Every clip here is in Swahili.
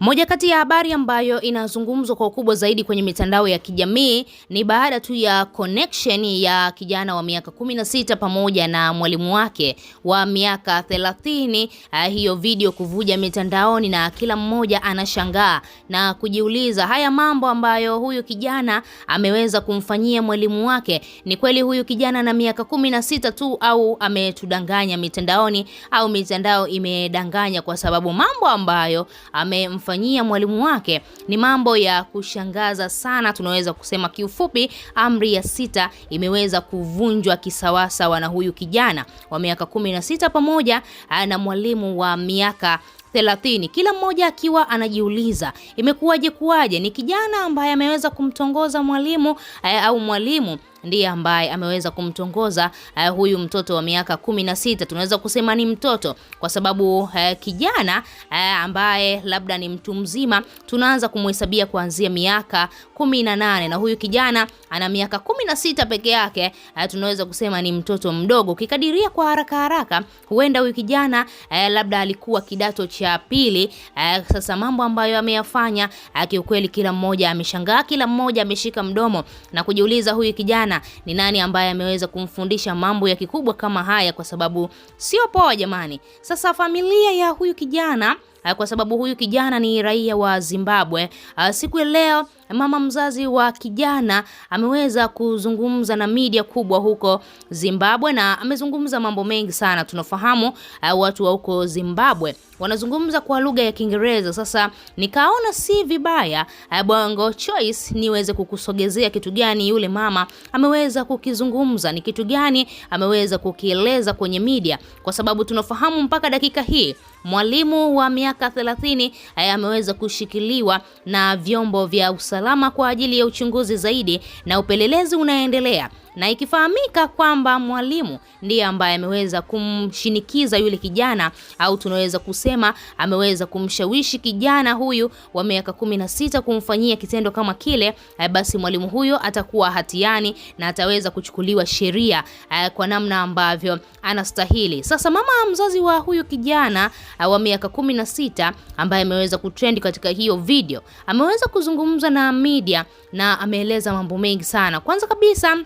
Moja kati ya habari ambayo inazungumzwa kwa ukubwa zaidi kwenye mitandao ya kijamii ni baada tu ya connection ya kijana wa miaka 16 pamoja na mwalimu wake wa miaka 30, eh, hiyo video kuvuja mitandaoni na kila mmoja anashangaa na kujiuliza haya mambo ambayo huyu kijana ameweza kumfanyia mwalimu wake, ni kweli huyu kijana na miaka 16 tu au ametudanganya mitandaoni au mitandao imedanganya, kwa sababu mambo ambayo ame kumfanyia mwalimu wake ni mambo ya kushangaza sana. Tunaweza kusema kiufupi, amri ya sita imeweza kuvunjwa kisawasawa na huyu kijana wa miaka kumi na sita pamoja na mwalimu wa miaka 30 kila mmoja akiwa anajiuliza imekuwaje kuwaje. Ni kijana ambaye ameweza kumtongoza mwalimu eh, au mwalimu ndiye ambaye ameweza kumtongoza uh, huyu mtoto wa miaka kumi na sita. Tunaweza kusema ni mtoto kwa sababu uh, kijana uh, ambaye labda ni mtu mzima tunaanza kumhesabia kuanzia miaka kumi na nane na huyu kijana ana miaka kumi na sita peke yake. Uh, tunaweza kusema ni mtoto mdogo ukikadiria kwa haraka haraka, huenda huyu kijana uh, labda alikuwa kidato cha pili. Uh, sasa mambo ambayo ameyafanya uh, kiukweli, kila mmoja ameshangaa, kila mmoja ameshika mdomo na kujiuliza huyu kijana sana ni nani ambaye ameweza kumfundisha mambo ya kikubwa kama haya, kwa sababu sio poa jamani. Sasa familia ya huyu kijana Eh, kwa sababu huyu kijana ni raia wa Zimbabwe. Eh, siku ya leo mama mzazi wa kijana ameweza kuzungumza na media kubwa huko Zimbabwe na amezungumza mambo mengi sana. Tunafahamu eh, watu wa huko Zimbabwe wanazungumza kwa lugha ya Kiingereza. Sasa nikaona si vibaya Bongo Choice niweze kukusogezea kitu gani yule mama ameweza kukizungumza, ni kitu gani ameweza kukieleza kwenye media, kwa sababu tunafahamu mpaka dakika hii mwalimu wa miaka miaka 30 eh, ameweza kushikiliwa na vyombo vya usalama kwa ajili ya uchunguzi zaidi na upelelezi unaendelea na ikifahamika kwamba mwalimu ndiye ambaye ameweza kumshinikiza yule kijana au tunaweza kusema ameweza kumshawishi kijana huyu wa miaka kumi na sita kumfanyia kitendo kama kile, eh, basi mwalimu huyo atakuwa hatiani na ataweza kuchukuliwa sheria eh, kwa namna ambavyo anastahili. Sasa mama mzazi wa huyu kijana eh, wa miaka kumi na sita ambaye ameweza kutrend katika hiyo video ameweza kuzungumza na media na ameeleza mambo mengi sana. Kwanza kabisa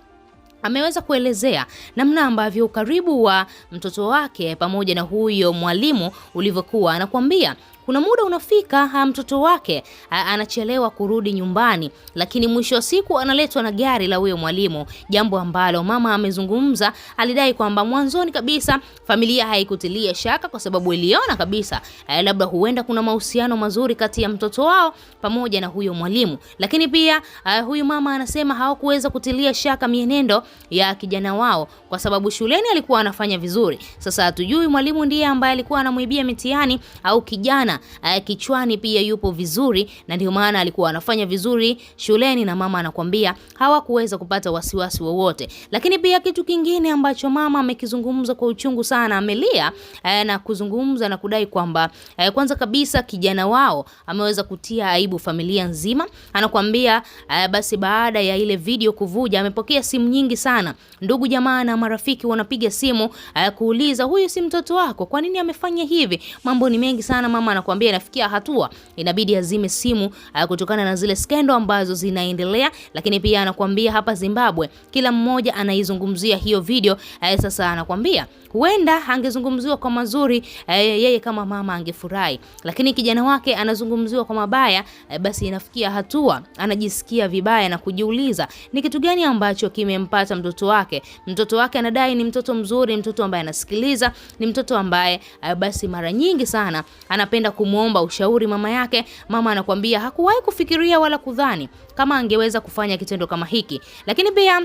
ameweza kuelezea namna ambavyo ukaribu wa mtoto wake pamoja na huyo mwalimu ulivyokuwa anakuambia kuna muda unafika mtoto wake anachelewa kurudi nyumbani, lakini mwisho wa siku analetwa na gari la huyo mwalimu, jambo ambalo mama amezungumza. Alidai kwamba mwanzoni kabisa familia haikutilia shaka kwa sababu iliona kabisa labda huenda kuna mahusiano mazuri kati ya mtoto wao pamoja na huyo mwalimu, lakini pia huyu mama anasema hawakuweza kutilia shaka mienendo ya kijana wao kwa sababu shuleni alikuwa anafanya vizuri. Sasa hatujui mwalimu ndiye ambaye alikuwa anamwibia mitihani au kijana uh, kichwani pia yupo vizuri, na ndio maana alikuwa anafanya vizuri shuleni, na mama anakwambia hawakuweza kupata wasiwasi wowote wa. Lakini pia kitu kingine ambacho mama amekizungumza kwa uchungu sana, amelia uh, na kuzungumza na kudai kwamba uh, kwanza kabisa kijana wao ameweza kutia aibu familia nzima. Anakwambia uh, basi baada ya ile video kuvuja, amepokea simu nyingi sana, ndugu jamaa na marafiki wanapiga simu uh, kuuliza huyu si mtoto wako, kwa nini amefanya hivi? Mambo ni mengi sana mama anakuambia inafikia hatua inabidi azime simu uh, kutokana na zile skendo ambazo zinaendelea, lakini pia anakuambia hapa Zimbabwe kila mmoja anaizungumzia hiyo video. Uh, sasa anakuambia huenda angezungumziwa kwa mazuri, uh, yeye kama mama angefurahi, lakini kijana wake anazungumziwa kwa mabaya, basi inafikia hatua anajisikia vibaya na kujiuliza ni kitu gani ambacho kimempata mtoto wake. Mtoto wake anadai ni mtoto mzuri, mtoto ambaye anasikiliza, ni mtoto ambaye basi mara nyingi sana anapenda kwenda kumwomba ushauri mama yake, mama anakuambia hakuwahi kufikiria wala kudhani kama angeweza kufanya kitendo kama hiki, lakini pia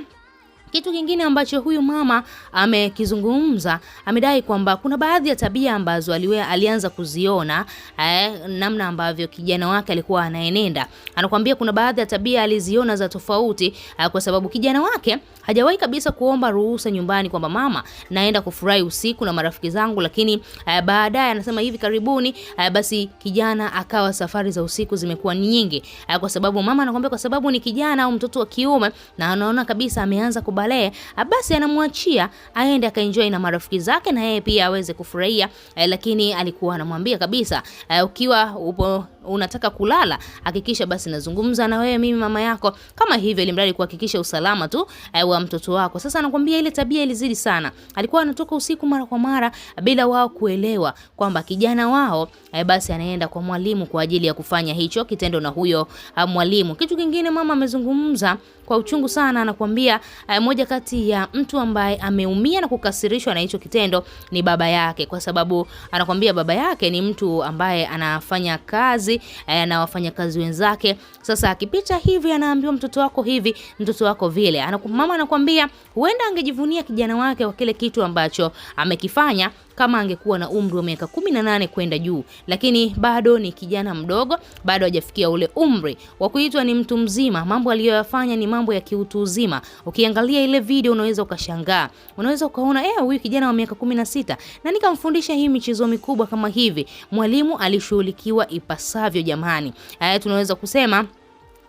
kitu kingine ambacho huyu mama amekizungumza, amedai kwamba kuna baadhi ya tabia ambazo aliwe, alianza kuziona eh, namna ambavyo kijana wake alikuwa anaenenda. Anakuambia kuna baadhi ya tabia aliziona za tofauti eh, kwa sababu kijana wake hajawahi kabisa kuomba ruhusa nyumbani kwamba mama, naenda kufurahi usiku na marafiki zangu, lakini eh, baadaye anasema hivi karibuni eh, basi kijana akawa safari za usiku zimekuwa nyingi eh, kwa sababu mama anakuambia kwa sababu ni kijana au mtoto wa kiume na anaona kabisa ameanza kubali Walehe, basi anamwachia aende akaenjoy na marafiki zake na yeye pia aweze kufurahia, eh, lakini alikuwa anamwambia kabisa eh, ukiwa upo unataka kulala, hakikisha basi nazungumza na wewe mimi mama yako, kama hivyo, ili mradi kuhakikisha usalama tu eh, wa mtoto wako. Sasa nakwambia ile tabia ilizidi sana, alikuwa anatoka usiku mara kwa mara bila wao kuelewa kwamba kijana wao eh, basi anaenda kwa mwalimu kwa ajili ya kufanya hicho kitendo na huyo ah, mwalimu. Kitu kingine mama amezungumza kwa uchungu sana, anakuambia eh, moja kati ya mtu ambaye ameumia na kukasirishwa na hicho kitendo ni baba yake, kwa sababu anakwambia baba yake ni mtu ambaye anafanya kazi kazi eh, na wafanyakazi wenzake. Sasa akipita hivi anaambiwa mtoto wako hivi, mtoto wako vile. Anaku, mama anakuambia huenda angejivunia kijana wake kwa kile kitu ambacho amekifanya kama angekuwa na umri wa miaka kumi na nane kwenda juu, lakini bado ni kijana mdogo, bado hajafikia ule umri wa kuitwa ni mtu mzima. Mambo aliyoyafanya ni mambo ya kiutu uzima. Ukiangalia ile video unaweza ukashangaa, unaweza ukaona eh, huyu kijana wa miaka kumi na sita na nikamfundisha hii michezo mikubwa kama hivi. Mwalimu alishughulikiwa ipasavyo, jamani. Haya tunaweza kusema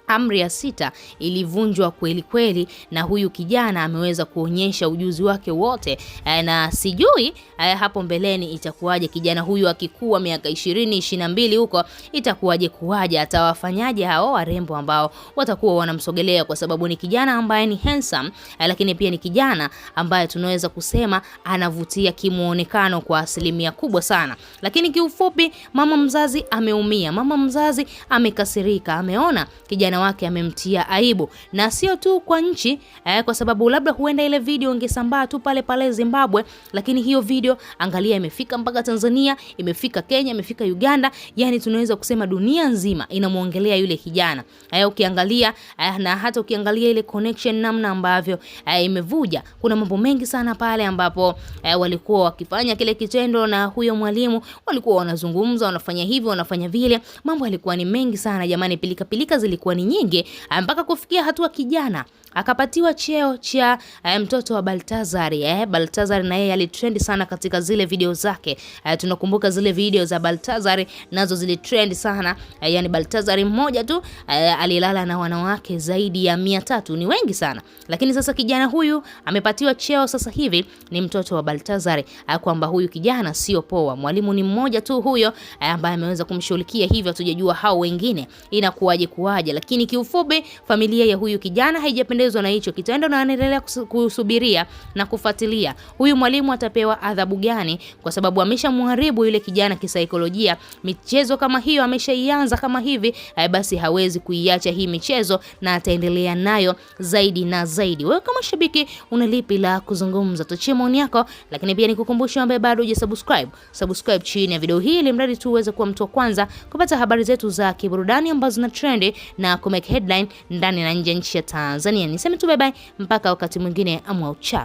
Amri ya sita ilivunjwa kweli kweli, na huyu kijana ameweza kuonyesha ujuzi wake wote, eh, na sijui eh, hapo mbeleni itakuwaje. Kijana huyu akikua miaka ishirini ishirini na mbili huko itakuwaje, kuwaje, atawafanyaje hao warembo ambao watakuwa wanamsogelea, kwa sababu ni kijana ambaye ni handsome, eh, lakini pia ni kijana ambaye tunaweza kusema anavutia kimuonekano kwa asilimia kubwa sana. Lakini kiufupi, mama mzazi ameumia, mama mzazi amekasirika, ameona kijana kijana wake amemtia aibu, na sio tu kwa nchi eh, kwa sababu labda huenda ile video ingesambaa tu pale pale Zimbabwe, lakini hiyo video angalia, imefika mpaka Tanzania, imefika Kenya, imefika Uganda, yani tunaweza kusema dunia nzima inamwongelea yule kijana eh, ukiangalia eh, na hata ukiangalia ile connection namna ambavyo eh, imevuja, kuna mambo mengi sana pale ambapo eh, walikuwa wakifanya kile kitendo na huyo mwalimu, walikuwa wanazungumza, wanafanya hivi, wanafanya vile, mambo yalikuwa ni mengi sana jamani, pilika pilika zilikuwa ni nyingi mpaka kufikia hatua kijana akapatiwa cheo cha eh, mtoto wa Baltazari eh. Baltazari na yeye alitrend sana katika zile video zake eh, tunakumbuka zile video za Baltazari nazo zilitrend sana eh, yani Baltazari mmoja tu eh, alilala na wanawake zaidi ya mia tatu, ni wengi sana lakini sasa kijana huyu amepatiwa cheo sasa hivi ni mtoto wa Baltazari eh, kwamba huyu kijana sio poa, mwalimu ni mmoja tu huyo eh, ambaye ameweza kumshughulikia, hivyo hatujajua hao wengine inakuwaje kuwaje, lakini kiufupi familia ya huyu kijana haijapendeza hajapendezwa na hicho kitendo yaani na anaendelea kusubiria na kufuatilia huyu mwalimu atapewa adhabu gani, kwa sababu ameshamharibu yule kijana kisaikolojia. Michezo kama hiyo ameshaianza kama hivi, eh, basi hawezi kuiacha hii michezo na ataendelea nayo zaidi na zaidi. Wewe kama shabiki una lipi la kuzungumza? tuchie maoni yako, lakini pia nikukumbusha ambaye bado hujasubscribe, subscribe chini ya video hii ili mradi tu uweze kuwa mtu wa kwanza kupata habari zetu za kiburudani ambazo zina trend na kumake headline ndani na nje nchi ya Tanzania niseme tu bye bye mpaka wakati mwingine amwa ucha